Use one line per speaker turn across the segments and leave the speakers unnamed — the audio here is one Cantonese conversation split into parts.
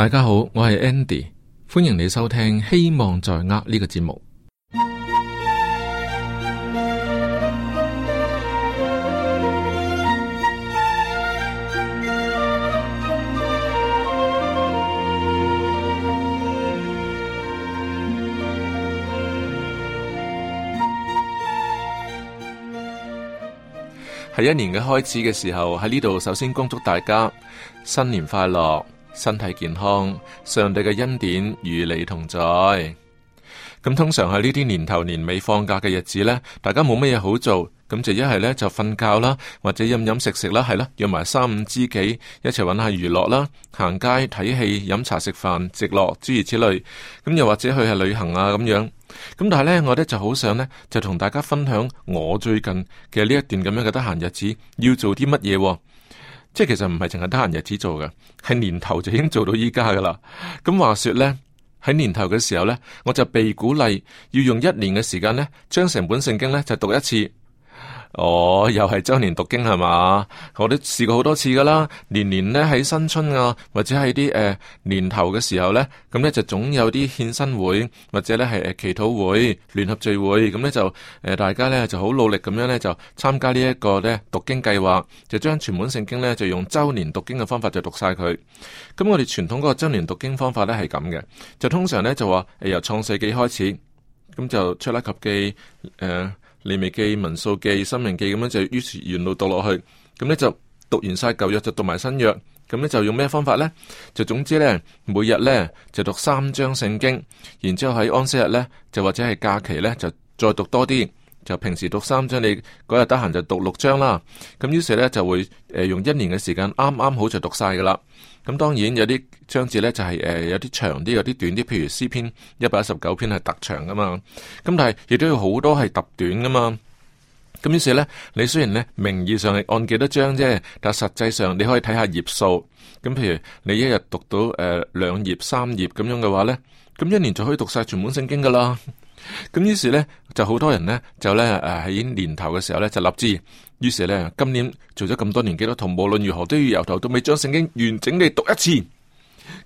大家好，我係 Andy，歡迎你收聽《希望在握》呢個節目。喺 一年嘅開始嘅時候，喺呢度首先恭祝大家新年快樂。身體健康，上帝嘅恩典與你同在。咁通常喺呢啲年頭年尾放假嘅日子呢，大家冇乜嘢好做，咁就一係呢，就瞓覺啦，或者飲飲食食啦，係啦，約埋三五知己一齊搵下娛樂啦，行街睇戲、飲茶食飯、直落諸如此類。咁又或者去下旅行啊咁樣。咁但係呢，我呢就好想呢，就同大家分享我最近嘅呢一段咁樣嘅得閒日子，要做啲乜嘢。即係其實唔係淨係得閒日子做嘅，係年頭就已經做到而家噶啦。咁話說咧，喺年頭嘅時候咧，我就被鼓勵要用一年嘅時間咧，將成本聖經咧就讀一次。哦，又係周年讀經係嘛？我都試過好多次噶啦，年年咧喺新春啊，或者係啲誒，年頭嘅時候咧，咁、嗯、咧就總有啲獻身會，或者咧係誒祈禱會、聯合聚會，咁、嗯、咧就誒、呃、大家咧就好努力咁樣咧就參加呢一個咧讀經計劃，就將全本聖經咧就用周年讀經嘅方法就讀晒佢。咁、嗯、我哋傳統嗰個周年讀經方法咧係咁嘅，就通常咧就話、呃、由創世紀開始，咁、嗯、就出埃及記誒。呃利未記、民數記、申命記，咁樣就於是沿路讀落去，咁咧就讀完晒舊約就讀埋新約，咁咧就用咩方法咧？就總之咧，每日咧就讀三章聖經，然之後喺安息日咧，就或者係假期咧，就再讀多啲。就平時讀三章，你嗰日得閒就讀六章啦。咁於是咧就會誒、呃、用一年嘅時間，啱啱好就讀晒噶啦。咁當然有啲章節咧就係誒有啲長啲，有啲短啲。譬如詩篇一百一十九篇係特長噶嘛，咁但係亦都有好多係特短噶嘛。咁於是咧，你雖然咧名義上係按幾多章啫，但實際上你可以睇下頁數。咁譬如你一日讀到誒、呃、兩頁三頁咁樣嘅話咧，咁一年就可以讀晒全本聖經噶啦。咁於是咧，就好多人咧，就咧誒喺年頭嘅時候咧就立志。於是咧，今年做咗咁多年基督徒，無論如何都要由頭到尾將聖經完整地讀一次。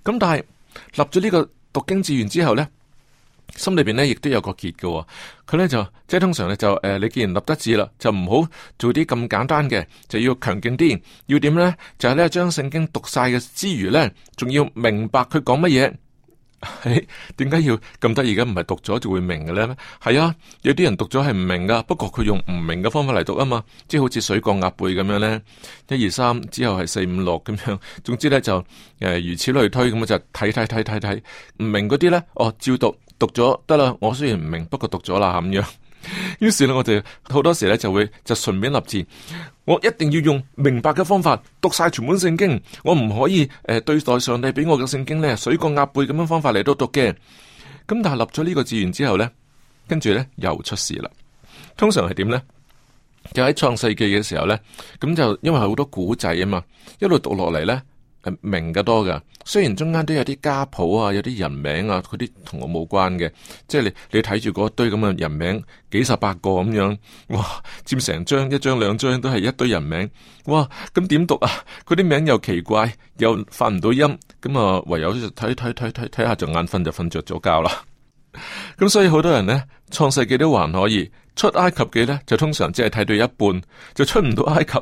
咁但係立咗呢個讀經志願之後咧，心裏邊咧亦都有個結嘅。佢咧就即係通常咧就誒，啊，你既然立得志啦，就唔好做啲咁簡單嘅，就要強勁啲。要點咧就係咧將聖經讀晒嘅之餘咧，仲要明白佢講乜嘢。係點解要咁得意嘅？唔係讀咗就會明嘅咧？係啊，有啲人讀咗係唔明㗎，不過佢用唔明嘅方法嚟讀啊嘛，即係好似水過鴨背咁樣咧，一二三之後係四五六咁樣，總之咧就誒、呃、如此類推咁啊，就睇睇睇睇睇，唔明嗰啲咧，哦照讀讀咗得啦，我雖然唔明，不過讀咗啦咁樣。於是咧，我哋好多時咧就會就順便立志，我一定要用明白嘅方法讀晒全本聖經，我唔可以誒、呃、對待上帝俾我嘅聖經咧水過鴨背咁樣方法嚟到讀嘅。咁但係立咗呢個志願之後咧，跟住咧又出事啦。通常係點咧？就喺創世記嘅時候咧，咁就因為好多古仔啊嘛，一路讀落嚟咧。明嘅多㗎，雖然中間都有啲家譜啊，有啲人名啊，嗰啲同我冇關嘅，即係你你睇住嗰一堆咁嘅人名，幾十百個咁樣，哇，佔成張一張，一張兩張都係一堆人名，哇，咁點讀啊？佢啲名又奇怪，又發唔到音，咁啊，唯有睇睇睇睇睇下就眼瞓就瞓着咗覺啦。咁所以好多人呢，創世紀都還可以，出埃及記呢，就通常只係睇到一半就出唔到埃及，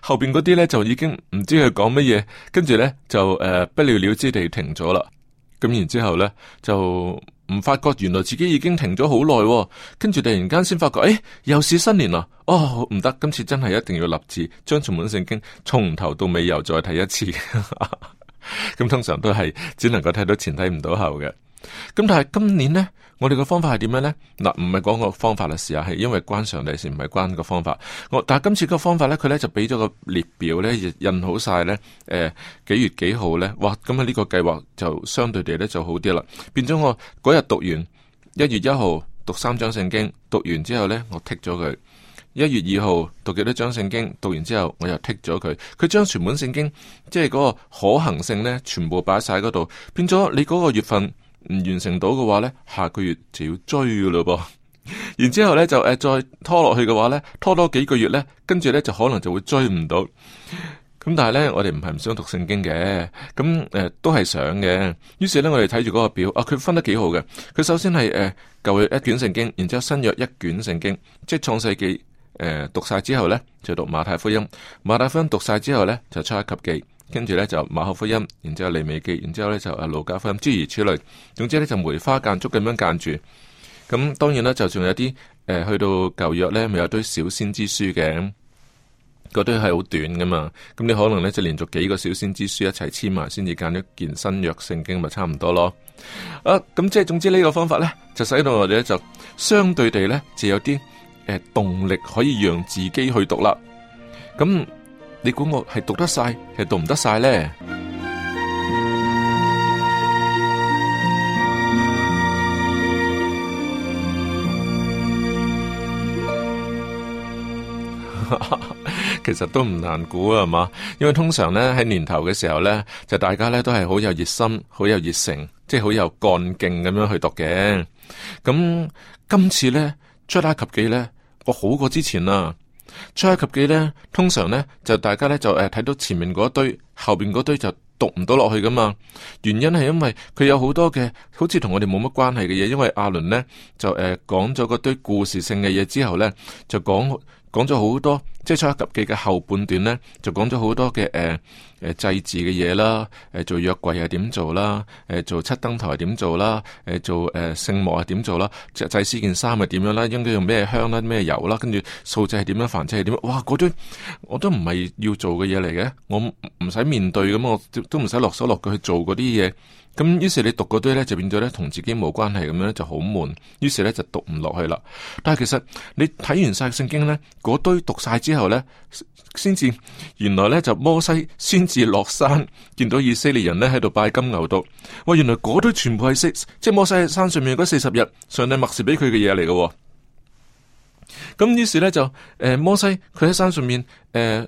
後邊嗰啲呢，就已經唔知佢講乜嘢，跟住呢，就誒、呃、不了了之地停咗啦。咁然之後呢就唔發覺原來自己已經停咗好耐，跟住突然間先發覺誒、哎、又是新年啦，哦，唔得，今次真係一定要立志將全本聖經從頭到尾又再睇一次。咁 通常都係只能夠睇到前睇唔到後嘅。咁但係今年呢，我哋、啊、個方法係點樣呢？嗱，唔係講個方法啦，試下係因為關上帝事，唔係關個方法。我但係今次個方法呢，佢呢就俾咗個列表呢，印好晒呢。誒、呃，幾月幾號呢？哇，咁啊呢個計劃就相對地呢就好啲啦。變咗我嗰日讀完一月一號讀三章聖經，讀完之後呢，我剔咗佢。一月二號讀幾多章聖經，讀完之後我又剔咗佢。佢將全本聖經即係嗰個可行性呢，全部擺晒喺嗰度，變咗你嗰個月份。唔完成到嘅話咧，下個月就要追噶咯噃。 然之後咧就誒再拖落去嘅話咧，拖多幾個月咧，跟住咧就可能就會追唔到。咁 但係咧，我哋唔係唔想讀聖經嘅，咁誒、呃、都係想嘅。於是咧，我哋睇住嗰個表，啊，佢分得幾好嘅。佢首先係誒、呃、舊約一卷聖經，然之後新約一卷聖經，即係創世記。誒、呃、讀晒之後咧，就讀馬太福音。馬太福音讀晒之後咧，就出埃及記。跟住咧就馬可福音，然之後利未記，然之後咧就啊路加福音，諸如此類。總之咧就梅花間竹咁樣間住。咁、嗯、當然啦，就算有啲誒、呃、去到舊約咧，咪有堆小先知書嘅，嗰堆係好短噶嘛。咁、嗯、你可能咧就連續幾個小先知書一齊簽埋，先至間咗件新約聖經，咪差唔多咯。啊，咁即係總之呢個方法咧，就使到我哋咧就相對地咧，就有啲誒、呃、動力可以讓自己去讀啦。咁、嗯。你估我係讀得晒，係讀唔得晒咧？其實都唔難估啊，係嘛？因為通常咧喺年頭嘅時候咧，就大家咧都係好有熱心，好有熱誠，即係好有幹勁咁樣去讀嘅。咁今次咧，出埃及記咧，我好過之前啦。初一及記咧，通常咧就大家咧就誒睇，呃、到前面嗰堆，後邊嗰堆就讀唔到落去噶嘛。原因係因為佢有好多嘅，好似同我哋冇乜關係嘅嘢。因為阿倫咧就誒講咗嗰堆故事性嘅嘢之後咧，就講。講咗好多，即係《出埃及記》嘅後半段咧，就講咗好多嘅誒誒祭祀嘅嘢啦，誒做約櫃係點做啦，誒、呃、做七燈台係點做啦，誒、呃、做誒聖、呃、幕係點做啦，祭祭師件衫係點樣啦，應該用咩香啦咩油啦，跟住素祭係點樣，燔祭係點，哇！嗰啲我都唔係要做嘅嘢嚟嘅，我唔使面對咁，我都唔使落手落腳去做嗰啲嘢。咁於是你讀嗰堆咧，就變咗咧，同自己冇關係咁樣咧，就好悶。於是咧就讀唔落去啦。但係其實你睇完晒聖經咧，嗰堆讀晒之後咧，先至原來咧就摩西先至落山，見到以色列人咧喺度拜金牛犢。哇！原來嗰堆全部係四即係摩西喺山上面嗰四十日，上帝默示俾佢嘅嘢嚟嘅。咁於是咧就誒摩西佢喺山上面誒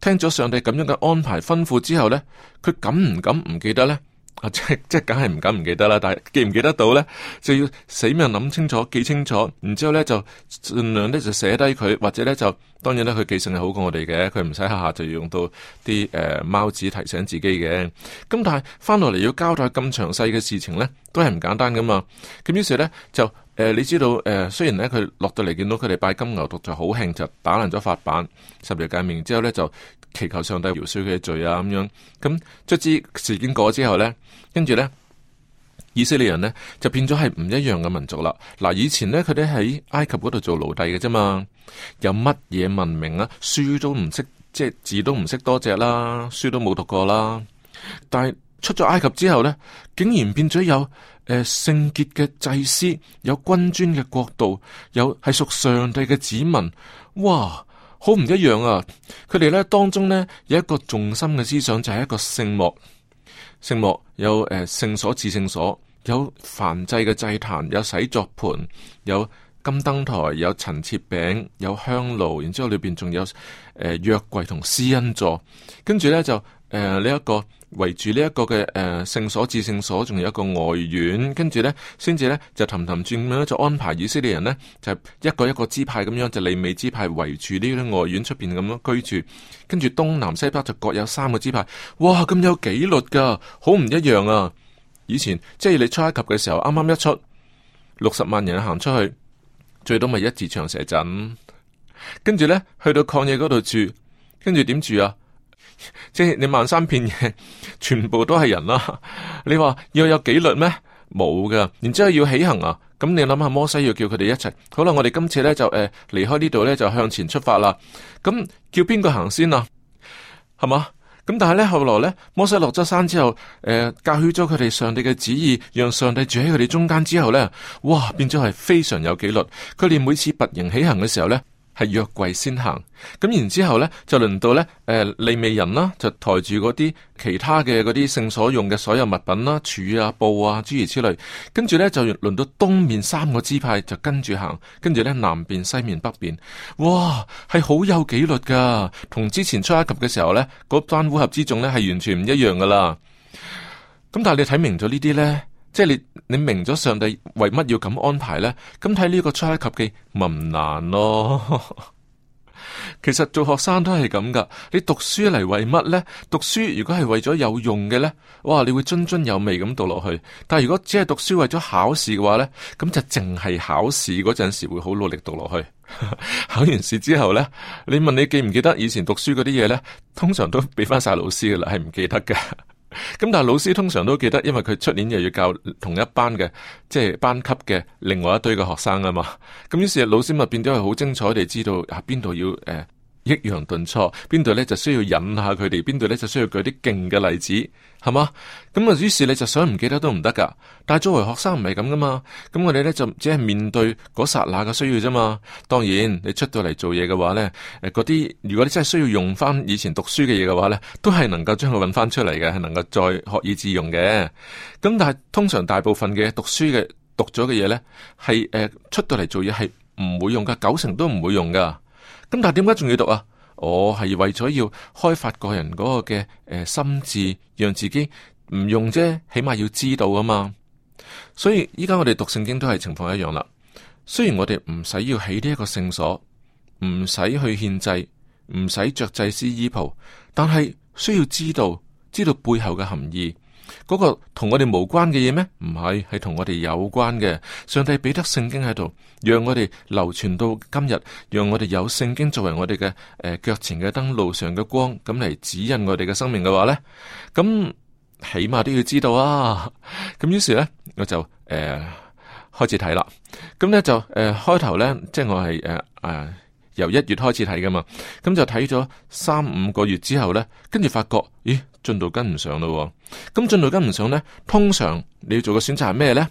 聽咗上帝咁樣嘅安排吩咐之後咧，佢敢唔敢唔記得咧？啊！ 即即梗係唔敢唔記得啦，但係記唔記得到咧，就要死命諗清楚、記清楚，然之後咧就盡量咧就寫低佢，或者咧就當然咧佢記性係好過我哋嘅，佢唔使下下就要用到啲誒、呃、貓紙提醒自己嘅。咁但係翻落嚟要交代咁詳細嘅事情咧，都係唔簡單噶嘛。咁於是咧就誒、呃、你知道誒、呃，雖然咧佢落到嚟見到佢哋拜金牛犢，讀就好興就打爛咗法版，十日見面之後咧就，就祈求上帝饒恕佢嘅罪啊咁樣，咁卒之事件過咗之後呢，跟住呢，以色列人呢，就變咗係唔一樣嘅民族啦。嗱，以前呢，佢哋喺埃及嗰度做奴隸嘅啫嘛，有乜嘢文明啊？書都唔識，即係字都唔識多隻啦，書都冇讀過啦。但係出咗埃及之後呢，竟然變咗有誒聖潔嘅祭司，有君尊嘅國度，有係屬上帝嘅子民，哇！好唔一樣啊！佢哋咧當中咧有一個重心嘅思想就係、是、一個聖幕。聖幕有誒、呃、聖所、至聖所，有燔祭嘅祭壇，有洗濯盆，有金燈台，有陳設餅，有香爐，然之後裏邊仲有誒、呃、約櫃同施恩座，跟住咧就誒呢一個。圍住呢一個嘅、誒聖所至聖所，仲有一個外院，跟住咧，先至咧就氹氹轉咁樣就安排以色列人咧，就是、一個一個支派咁樣，就利未支派圍住呢啲外院出邊咁樣居住，跟住東南西北就各有三個支派。哇，咁有紀律噶，好唔一樣啊！以前即係你出埃及嘅時候，啱啱一出六十萬人行出去，最多咪一字長蛇陣，跟住咧去到曠野嗰度住，跟住點住啊？即係你漫山遍野，全部都係人啦，啊。你話要有紀律咩？冇㗎。然之後要起行啊。咁你諗下，摩西要叫佢哋一齊。好啦，我哋今次咧就誒、呃、離開呢度咧，就向前出發啦。咁、嗯、叫邊個行先啊？係嘛？咁但係咧，後來咧，摩西落咗山之後，誒、呃、教許咗佢哋上帝嘅旨意，讓上帝住喺佢哋中間之後咧，哇，變咗係非常有紀律。佢哋每次拔營起行嘅時候咧，係約櫃先行，咁然之後咧就輪到呢誒、呃、利未人啦，就抬住嗰啲其他嘅嗰啲聖所用嘅所有物品啦，柱啊、布啊諸如此類，跟住呢，就輪到東面三個支派就跟住行，跟住呢，南邊、西面、北邊，哇係好有紀律噶，同之前出埃及嘅時候呢，嗰班烏合之眾呢，係完全唔一樣噶啦。咁但係你睇明咗呢啲呢。即係你你明咗上帝為乜要咁安排咧？咁睇呢個出埃及記咪唔難咯。 其實做學生都係咁噶，你讀書嚟，為乜咧？讀書如果係為咗有用嘅咧，哇，你會津津有味咁讀落去。但係如果只係讀書為咗考試嘅話咧，咁就淨係考試嗰陣時會好努力讀落去。 考完試之後咧，你問你記唔記得以前讀書嗰啲嘢咧，通常都俾翻晒老師噶啦，係唔記得嘅。 咁但係老師通常都記得，因為佢出年又要教同一班嘅即係班級嘅另外一堆嘅學生啊嘛，咁於是老師咪變咗係好精彩地知道啊邊度要誒。欸抑揚頓挫，邊度咧就需要引下佢哋，邊度咧就需要舉啲勁嘅例子，係嘛？咁啊，於是你就想唔記得都唔得噶。但係作為學生唔係咁噶嘛，咁我哋咧就只係面對嗰剎那嘅需要啫嘛。當然，你出到嚟做嘢嘅話咧，誒嗰啲，如果你真係需要用翻以前讀書嘅嘢嘅話咧，都係能夠將佢搵翻出嚟嘅，係能夠再學以致用嘅。咁但係通常大部分嘅讀書嘅讀咗嘅嘢咧，係誒、呃、出到嚟做嘢係唔會用噶，九成都唔會用噶。咁但係點解仲要讀啊？我係為咗要開發個人嗰個嘅誒、呃、心智，讓自己唔用啫，起碼要知道啊嘛。所以依家我哋讀聖經都係情況一樣啦。雖然我哋唔使要起呢一個聖所，唔使去獻祭，唔使着祭司衣袍，但係需要知道，知道背後嘅含義。嗰個同我哋無關嘅嘢咩？唔係，係同我哋有關嘅。上帝俾得聖經喺度，讓我哋流傳到今日，讓我哋有聖經作為我哋嘅誒腳前嘅燈，路上嘅光，咁嚟指引我哋嘅生命嘅話咧，咁起碼都要知道啊。咁於是咧，我就誒、呃、開始睇啦。咁咧就誒開頭咧，即係我係誒誒。呃呃由一月開始睇㗎嘛，咁就睇咗三五個月之後呢，跟住發覺，咦，進度跟唔上咯，咁進度跟唔上呢，通常你要做嘅選擇係咩呢？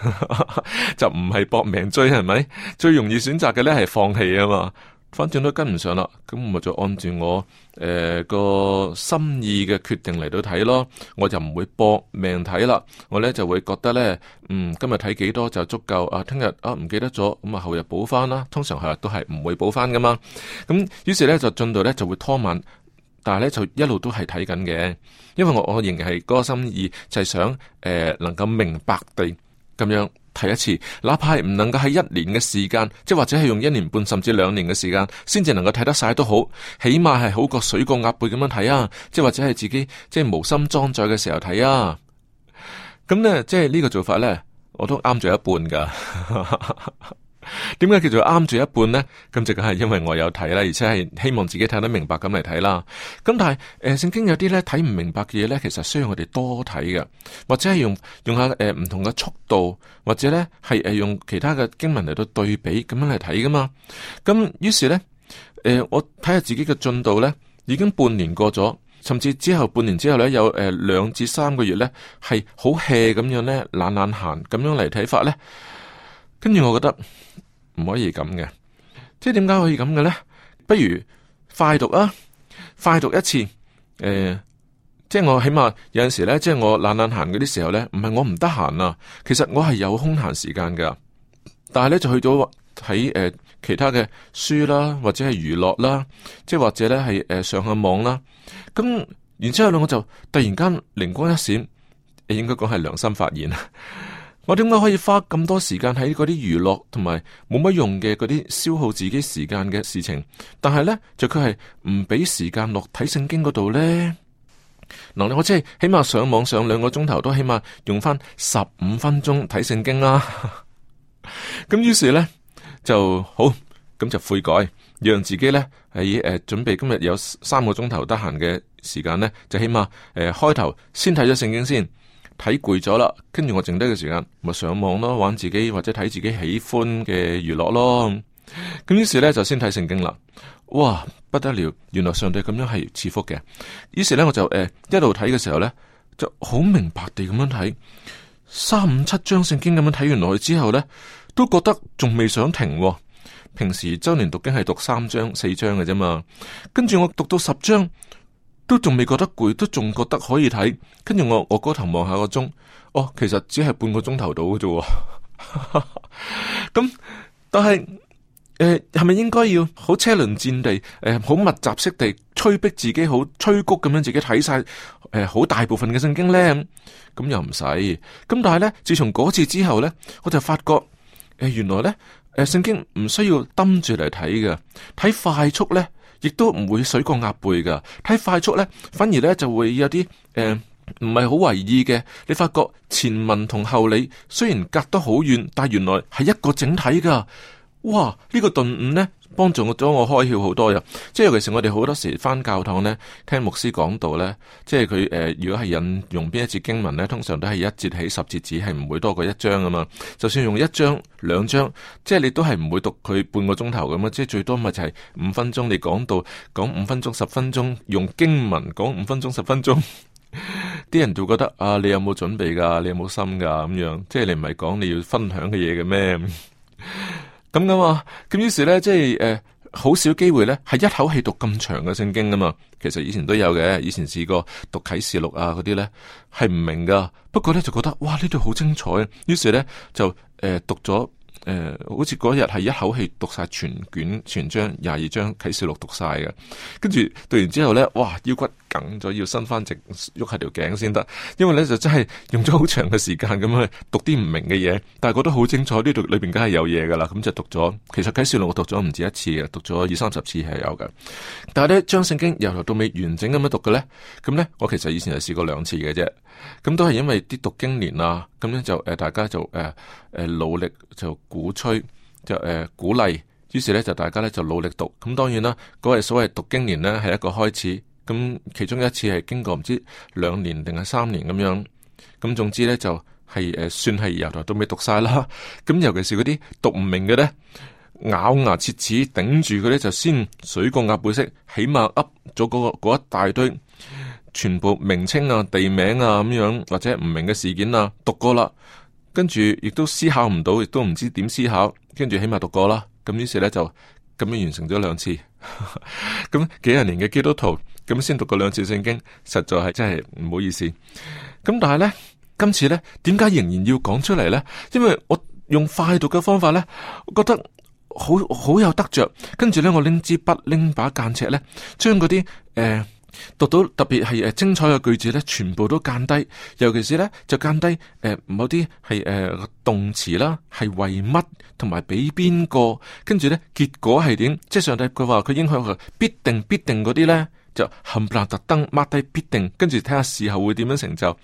就唔係搏命追，係咪？最容易選擇嘅呢係放棄啊嘛。反正都跟唔上啦，咁咪就按住我誒、呃嗰個心意嘅決定嚟到睇咯，我就唔會搏命睇啦。我咧就會覺得咧，嗯，今日睇幾多就足夠啊。聽日啊，唔記得咗，咁、嗯、啊後日補翻啦。通常後日都係唔會補翻噶嘛。咁於是咧就進度咧就會拖慢，但係咧就一路都係睇緊嘅，因為我我仍然係嗰個心意就，就係想誒能夠明白地咁樣。睇一次，哪怕係唔能夠喺一年嘅時間，即或者係用一年半甚至兩年嘅時間，先至能夠睇得晒都好，起碼係好過水過鴨背咁樣睇啊！即或者係自己即係無心裝載嘅時候睇啊！咁呢，即係呢個做法呢，我都啱咗一半噶。 點解叫做啱住一半呢？咁就梗係因為我有睇啦，而且係希望自己睇得明白咁嚟睇啦。咁但係誒，聖經有啲咧睇唔明白嘅嘢咧，其實需要我哋多睇嘅，或者係用用下誒唔同嘅速度，或者咧係誒用其他嘅經文嚟到對比咁樣嚟睇噶嘛。咁於是咧，誒我睇下自己嘅進度咧，已經半年過咗，甚至之後半年之後咧有誒兩至三個月咧係好 hea 咁樣咧懶懶閒咁樣嚟睇法咧，跟住我覺得。唔可以咁嘅，即係點解可以咁嘅咧？不如快讀啊！快讀一次，誒、呃，即係我起碼有陣時咧，即係我懶懶閒嗰啲時候咧，唔係我唔得閒啊，其實我係有空閒時間噶，但係咧就去咗睇誒其他嘅書啦，或者係娛樂啦，即係或者咧係誒上下網啦，咁然之後咧我就突然間靈光一閃，應該講係良心發現啊！我點解可以花咁多時間喺嗰啲娛樂同埋冇乜用嘅嗰啲消耗自己時間嘅事情？但係呢，就佢係唔俾時間落睇聖經嗰度呢嗱，我即係起碼上網上兩個鐘頭都起碼用翻十五分鐘睇聖經啦。咁於是呢，就,呢、啊就,上上啊、 呢就好咁就悔改，讓自己呢係誒準備今日有三個鐘頭得閒嘅時間呢，就起碼誒、呃、開頭先睇咗聖經先。睇攰咗啦，跟住我剩低嘅時間咪上網咯，玩自己或者睇自己喜歡嘅娛樂咯。咁於是咧就先睇聖經啦，哇不得了，原來上帝咁樣係賜福嘅。於是咧我就誒、呃、一路睇嘅時候咧就好明白地咁樣睇三五七章聖經，咁樣睇完落去之後咧都覺得仲未想停、啊。平時周年讀經係讀三章四章嘅啫嘛，跟住我讀到十章。都仲未覺得攰，都仲覺得可以睇。跟住我，我嗰頭望下個鐘，哦，其實只係半個鐘頭到嘅啫。咁、 嗯、但係誒，係、呃、咪應該要好車輪戰地，誒、呃，好密集式地催逼自己，好催谷咁樣自己睇晒，誒、呃，好大部分嘅聖經呢？咁、嗯、咁又唔使。咁、嗯、但係呢，自從嗰次之後呢，我就發覺誒、呃，原來呢誒，聖、呃、經唔需要盯住嚟睇嘅，睇快速呢。亦都唔會水過鴨背噶，睇快速咧，反而咧就會有啲誒唔係好為意嘅。你發覺前文同後理雖然隔得好遠，但原來係一個整體噶。哇！這個、呢個頓悟咧～幫助咗我開竅好多嘅，即係其實我哋好多時返教堂呢，聽牧師講道呢，即係佢誒，如果係引用邊一節經文呢，通常都係一節起十節止，係唔會多過一章㗎嘛。就算用一章兩章，即係你都係唔會讀佢半個鐘頭咁嘛。即係最多咪就係五分，分鐘，你講到講五分鐘、十分鐘，用經文講五分鐘、十分鐘，啲 人就覺得啊，你有冇準備㗎？你有冇心㗎？咁樣，即係你唔係講你要分享嘅嘢嘅咩？ 咁噶嘛？咁、啊、於是咧，即係誒，好、呃、少機會咧，係一口氣讀咁長嘅聖經噶嘛。其實以前都有嘅，以前試過讀啟示錄啊嗰啲咧，係唔明噶。不過咧，就覺得哇，呢度好精彩。於是咧就誒、呃、讀咗誒、呃，好似嗰日係一口氣讀晒全卷全章廿二章啟示錄讀晒嘅。跟住讀完之後咧，哇，腰骨～梗咗要伸翻直，喐下條頸先得，因為咧就真係用咗好長嘅時間咁去讀啲唔明嘅嘢，但係覺得好清楚，呢度裏邊，梗係有嘢噶啦。咁就讀咗，其實《啟示錄》我讀咗唔止一次嘅，讀咗二三十次係有嘅。但係咧，將聖經由頭到尾完整咁樣讀嘅咧，咁咧我其實以前係試過兩次嘅啫。咁都係因為啲讀經年啊，咁咧就誒、呃，大家就誒誒、呃、努力就鼓吹就誒、呃、鼓勵，於是咧就大家咧就努力讀。咁當然啦，嗰個所謂讀經年咧係一個開始。咁其中一次係經過唔知兩年定係三年咁樣，咁總之咧就係、是、誒、呃，算係由頭到尾讀晒啦。咁、 嗯、尤其是嗰啲讀唔明嘅咧，咬牙切齒頂住佢咧，就先水過鴨背式，起碼噏咗嗰個一大堆全部名稱啊、地名啊咁樣，或者唔明嘅事件啊讀過啦，跟住亦都思考唔到，亦都唔知點思考，跟住起碼讀過啦。咁於是咧就咁樣完成咗兩次，咁、 嗯、幾廿年嘅基督徒。咁先讀過兩次聖經，實在係真係唔好意思。咁但係咧，今次咧，點解仍然要講出嚟咧？因為我用快讀嘅方法咧，我覺得好好有得着。跟住咧，我拎支筆，拎把間尺咧，將嗰啲誒讀到特別係誒精彩嘅句子咧，全部都間低。尤其是咧，就間低誒、呃、某啲係誒動詞啦，係為乜同埋俾邊個？跟住咧，結果係點？即係上帝佢話，佢影響嘅必定必定嗰啲咧。就冚唪唥特登抹低必定，跟住睇下事後會點樣成就。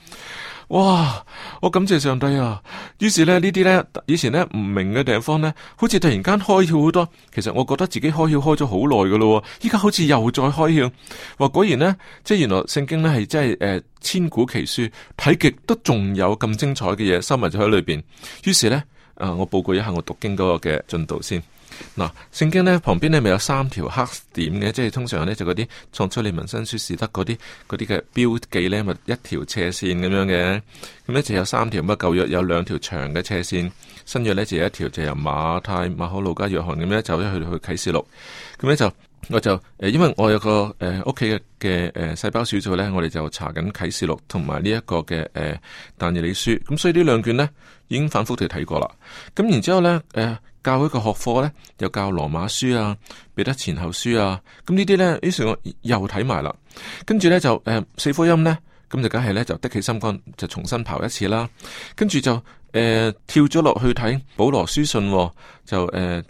哇！我感謝上帝啊！於是咧呢啲咧以前咧唔明嘅地方咧，好似突然間開竅好多。其實我覺得自己開竅開咗好耐噶啦，依家好似又再開竅。哇！果然呢，即係原來聖經咧係真係誒千古奇書，睇極都仲有咁精彩嘅嘢收埋咗喺裏邊。於是咧，誒我報告一下我讀經嗰個嘅進度先。嗱，聖經咧旁邊咧咪有三條黑點嘅，即係通常咧就嗰啲創出利民申書士德嗰啲嗰啲嘅標記咧咪一條斜線咁樣嘅，咁咧就有三條，乜啊舊約有兩條長嘅斜線，新約咧就有一條就由馬太馬可路加約翰咁樣走咗去去啟示錄，咁咧就我就誒因為我有個誒屋企嘅嘅誒細胞小組咧，我哋就查緊啟示錄同埋呢一個嘅誒、呃、但以理書，咁所以兩呢兩卷咧已經反覆地睇過啦，咁然之後咧誒。呃呃呃呃呃教一個學科咧，又教羅馬書啊，彼得前後書啊，咁呢啲咧，於是我又睇埋啦，跟住咧就誒四福音咧，咁就梗係咧就的起心肝，就重新刨一次啦，跟住就誒跳咗落去睇保羅書信，就誒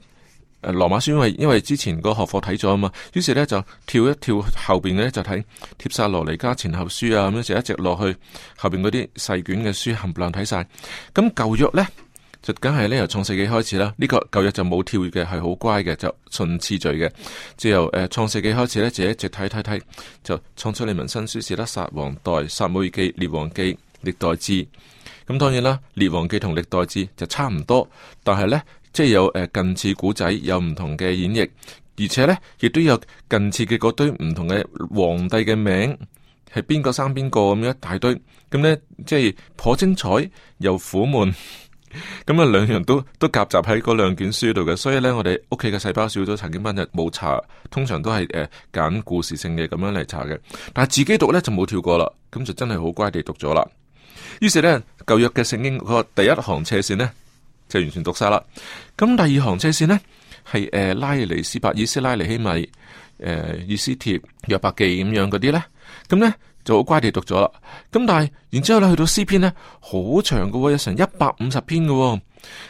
誒羅馬書，因為因為之前個學科睇咗啊嘛，於是咧就跳一跳後邊咧就睇帖撒羅尼迦前後書啊，咁樣就一直落去後邊嗰啲細卷嘅書冚唪唥睇晒，咁舊約咧。就梗係呢，由創世紀開始啦。呢、這個舊日就冇跳嘅，係好乖嘅，就順次序嘅。之由誒，創世紀開始咧，就一直睇睇睇，就創出你民新書《史德拉王代殺母記》《列王記》《歷代志》。咁當然啦，《列王記》同《歷代志》就差唔多，但係咧，即、就、係、是、有誒近似古仔，有唔同嘅演繹，而且咧亦都有近次嘅嗰堆唔同嘅皇帝嘅名係邊個生邊個咁樣一大堆。咁咧即係頗精彩又苦悶。咁啊，兩樣都都夾雜喺嗰兩卷書度嘅，所以咧，我哋屋企嘅細胞小組曾經班日冇查，通常都係誒揀故事性嘅咁樣嚟查嘅。但係自己讀咧就冇跳過啦，咁就真係好乖地讀咗啦。於是咧舊約嘅聖經嗰第一行斜線咧就完全讀晒啦。咁第二行斜線咧係誒拉尼斯伯以斯拉尼希米誒以斯帖約伯記咁樣嗰啲咧，咁咧。就好乖地讀咗啦，咁但係然之後咧去到詩篇咧好長嘅、哦，有成一百五十篇嘅、哦，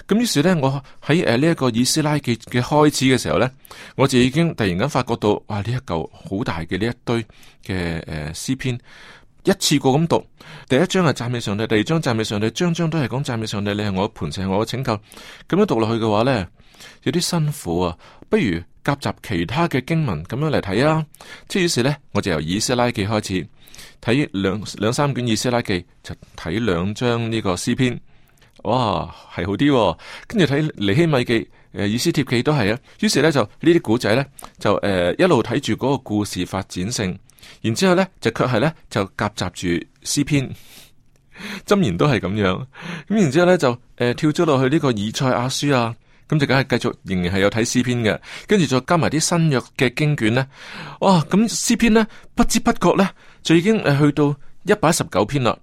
咁於是咧我喺誒呢一個以斯拉記嘅開始嘅時候咧，我就已經突然間發覺到，哇！呢一嚿好大嘅呢一堆嘅誒詩篇，一次過咁讀，第一章係讚美上帝，第二章讚美上帝，章章都係講讚美上帝，你係我嘅磐石，係我嘅拯救。咁樣讀落去嘅話咧。有啲辛苦啊，不如夾雜其他嘅經文咁樣嚟睇啊。即於是呢，我就由以斯拉記開始睇兩兩三卷以斯拉記，就睇兩張呢個詩篇，哇係好啲啊。跟住睇尼希米記，誒、呃、以斯帖記都係啊。於是呢，就呢啲古仔呢，就誒、呃、一路睇住嗰個故事發展性，然之後咧就卻係呢，就夾雜住詩篇，箴 言都係咁樣。咁然之後咧就誒、呃、跳咗落去呢個以賽亞書啊。咁就梗係繼續仍然係有睇詩篇嘅，跟住再加埋啲新約嘅經卷咧，哇！咁詩篇咧，不知不覺咧就已經誒去到一百一十九篇啦。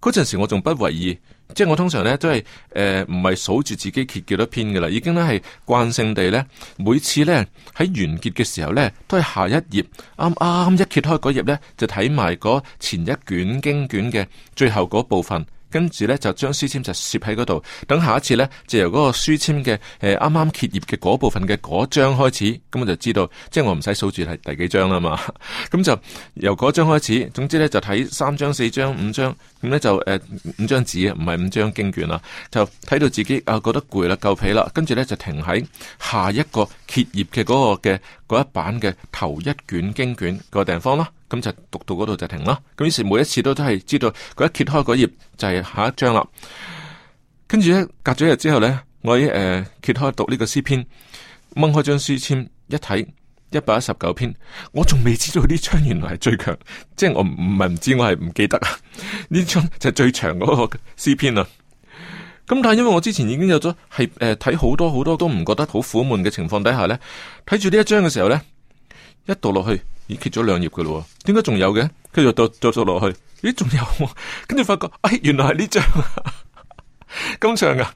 嗰陣時我仲不為意，即係我通常咧都係誒唔係數住自己揭幾多篇噶啦已經咧係慣性地咧每次咧喺完結嘅時候咧，都係下一頁，啱啱一揭開嗰頁咧，就睇埋嗰前一卷經卷嘅最後嗰部分。跟住咧就將書簽就攝喺嗰度，等下一次咧就由嗰個書簽嘅誒啱啱揭頁嘅嗰部分嘅嗰張開始，咁、嗯、我就知道，即、就、係、是、我唔使數住係第，第幾張啦嘛。咁、嗯、就由嗰張開始，總之咧就睇三張、四張、五張，咁、嗯、咧就誒、呃、五張紙，唔係五張經卷啦。就睇到自己啊、呃、覺得攰啦，夠皮啦，跟住咧就停喺下一個揭頁嘅嗰、那個嘅嗰一版嘅頭一卷經卷嗰個地方啦。咁就讀到嗰度就停啦。咁於是每一次都都係知道佢一揭開嗰頁就係、是、下一章啦。跟住咧隔咗一日之後咧，我一誒、呃、揭開讀呢個詩篇，掹開張書簽一睇一百一十九篇，我仲未知道呢章原來係最強，即係我唔唔係唔知，我係唔記得啊。呢 章就係最長嗰個詩篇啦。咁但係因為我之前已經有咗係誒睇好多好多都唔覺得好苦悶嘅情況底下咧，睇住呢一章嘅時候咧，一讀落去。已揭咗兩頁嘅咯，點解仲有嘅？跟住再再續落去，咦？仲有啊？跟住發覺，哎，原來係呢張咁長啊！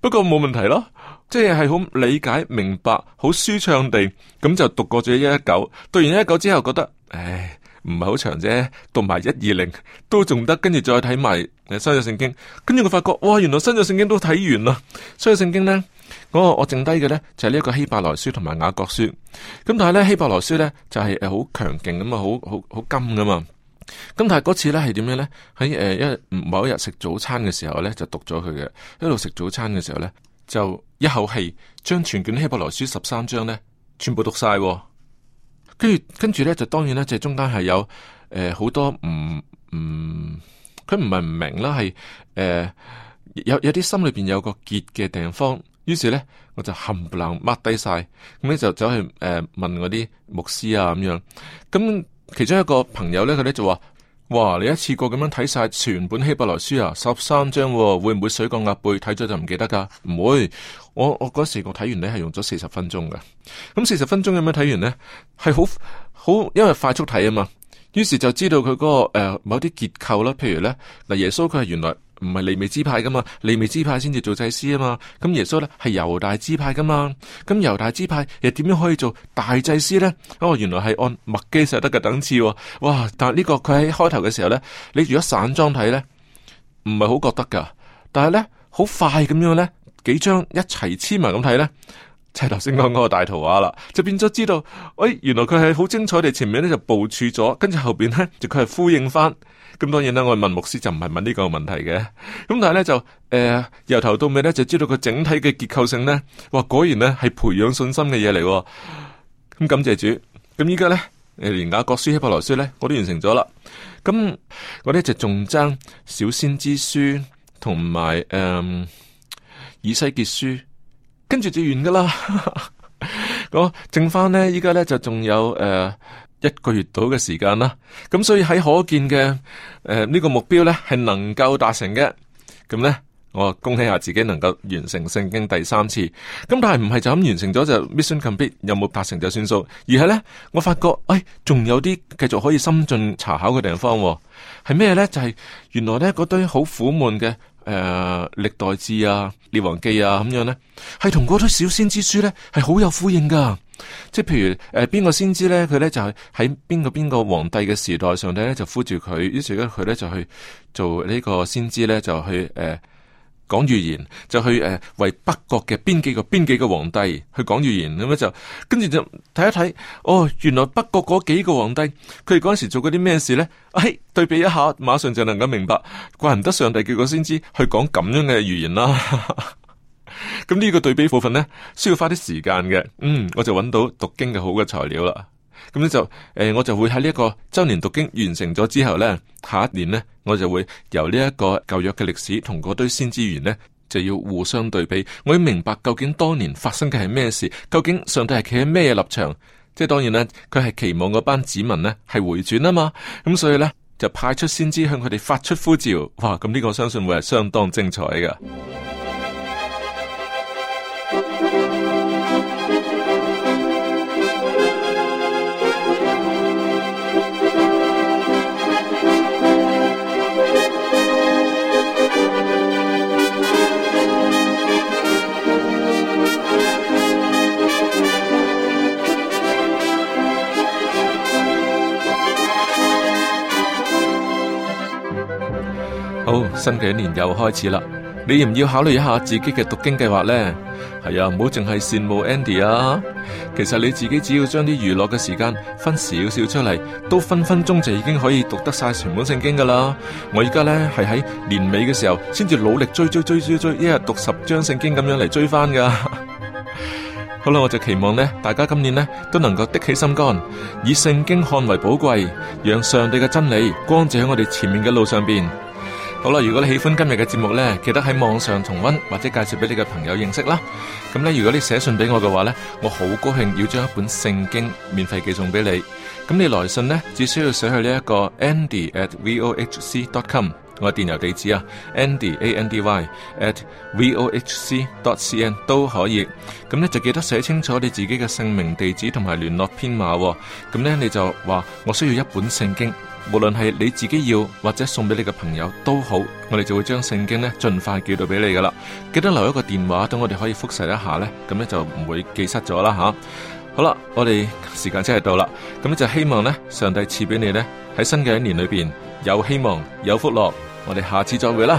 不過冇問題咯，即係係好理解明白，好舒暢地咁就讀過咗一一九，讀完一一九之後覺得，唉，唔係好長啫，讀埋一二零都仲得，跟住再睇埋新約聖經，跟住佢發覺，哇，原來新約聖經都睇完啦，新約聖經咧。我我剩低嘅呢，就係呢一個希伯來書同埋雅各書，咁但係呢，希伯來書呢，就係誒好強勁咁啊，好好好金噶嘛。咁但係嗰次呢，係點樣呢？喺誒、呃、一某一日食早餐嘅時候呢，就讀咗佢嘅一路食早餐嘅時候呢，就一口氣將全卷希伯來書十三章呢，全部讀晒，啊，跟住跟住呢，就當然呢，就是，中間係有誒好、呃、多唔唔，佢唔係唔明啦，係誒、呃、有有啲心裏面有個結嘅地方。於是咧，我就冚唪唥掹低晒。咁咧就走去誒、呃、問我啲牧師啊咁樣。咁其中一個朋友咧，佢咧就話：，哇！你一次過咁樣睇晒全本希伯來書啊，十三章、啊，會唔會水過鴨背睇咗就唔記得㗎？唔會。我我嗰時我睇完咧係用咗四十分鐘嘅。咁四十分鐘咁樣睇完咧，係好好，因為快速睇啊嘛。於是就知道佢嗰、嗰個、呃、某啲結構啦。譬如咧，嗱，耶穌佢係原來。唔係利未支派噶嘛，利未支派先至做祭司啊嘛，咁耶穌咧係猶大支派噶嘛，咁猶大支派又點樣可以做大祭司咧？哦，原來係按麥基洗德嘅等次，哦，哇！但係、這、呢個佢喺開頭嘅時候咧，你如果散裝睇咧，唔係好覺得噶，但係咧好快咁樣咧幾張一齊簽埋咁睇咧。即係頭先講嗰個大圖畫啦，就變咗知道，誒、哎，原來佢係好精彩地前面咧就部署咗，跟住後邊咧就佢係呼應翻。咁當然啦，我問牧師就唔係問呢個問題嘅，咁但係咧就誒，由、呃、頭到尾咧就知道佢整體嘅結構性咧，哇，果然咧係培養信心嘅嘢嚟。咁感謝主，咁依家咧連雅各書希伯來書咧我都完成咗啦。咁我呢，就仲爭小先知書同埋誒以西結書。跟住就完噶啦，咁 剩翻咧，依家咧就仲有誒、呃、一個月到嘅時間啦。咁所以喺可見嘅誒呢個目標咧係能夠達成嘅。咁咧我恭喜下自己能夠完成聖經第三次。咁但係唔係就咁完成咗就 mission complete，有冇達成就算數。而係咧我發覺，誒、哎、仲有啲繼續可以深入查考嘅地方、哦。係咩咧？就係、是、原來咧嗰堆好苦悶嘅。誒、呃、歷代志啊、列王記啊，咁樣咧，係同嗰堆小先知書咧係好有呼應噶。即係譬如誒邊、呃、個先知咧，佢咧就係喺邊個邊個皇帝嘅時代上咧，就呼住佢，於是咧佢咧就去做個先呢個先知咧，就去誒。呃講預言，就去誒，為北國嘅邊幾個邊幾個皇帝去講預言，咁樣，就跟住就睇一睇，哦，原來北國嗰幾個皇帝佢哋嗰陣時做過啲咩事咧？哎對比一下馬上就能夠明白，怪唔得上帝叫佢先知去講咁樣嘅預言啦。咁 呢個對比部分咧需要花啲時間嘅，嗯我就揾到讀經嘅好嘅材料啦。咁咧就誒，呃，我就會喺呢一個周年讀經完成咗之後呢，下一年呢，我就會由呢一個舊約嘅歷史同嗰堆先知員呢，就要互相對比，我要明白究竟當年發生嘅係咩事，究竟上帝係企喺咩立場？即係當然啦，佢係期望嗰班子民呢係回轉啊嘛，咁所以呢，就派出先知向佢哋發出呼召。哇！咁呢個相信會係相當精彩㗎。好，新嘅一年又開始啦！你唔要，要考慮一下自己嘅讀經計劃呢？係啊，唔好淨係羨慕 Andy 啊！其實你自己只要將啲娛樂嘅時間分少少出嚟，都分分鐘就已經可以讀得晒全本聖經噶啦！我而家呢，係喺年尾嘅時候，先至努力追，追追追追追，一日讀十章聖經咁樣嚟追翻。噶。 好啦，我就期望呢，大家今年呢，都能夠的起心肝，以聖經看為寶貴，讓上帝嘅真理光照喺我哋前面嘅路上邊。好啦，如果你喜歡今日嘅節目呢，記得喺網上重温或者介紹俾你嘅朋友認識啦。咁、嗯、呢，如果你寫信俾我嘅話呢，我好高興要將一本聖經免費寄送俾你。咁、嗯、你來信呢，只需要寫去呢一個 andy at vohc dot com，我電郵地址啊，andy a n d y at vohc dot c n 都可以。咁、嗯、咧就記得寫清楚你自己嘅姓名、地址同埋聯絡編碼。咁、哦、呢、嗯，你就話我需要一本聖經。無論係你自己要或者送俾你嘅朋友都好，我哋就會將聖經呢盡快寄到俾你噶啦。記得留一個電話，等我哋可以覆實一下呢，咁呢就唔會寄失咗啦吓。好啦，我哋時間真係到啦，咁呢就希望呢，上帝賜俾你呢，喺新嘅一年裏邊有希望有福樂。我哋下次再會啦。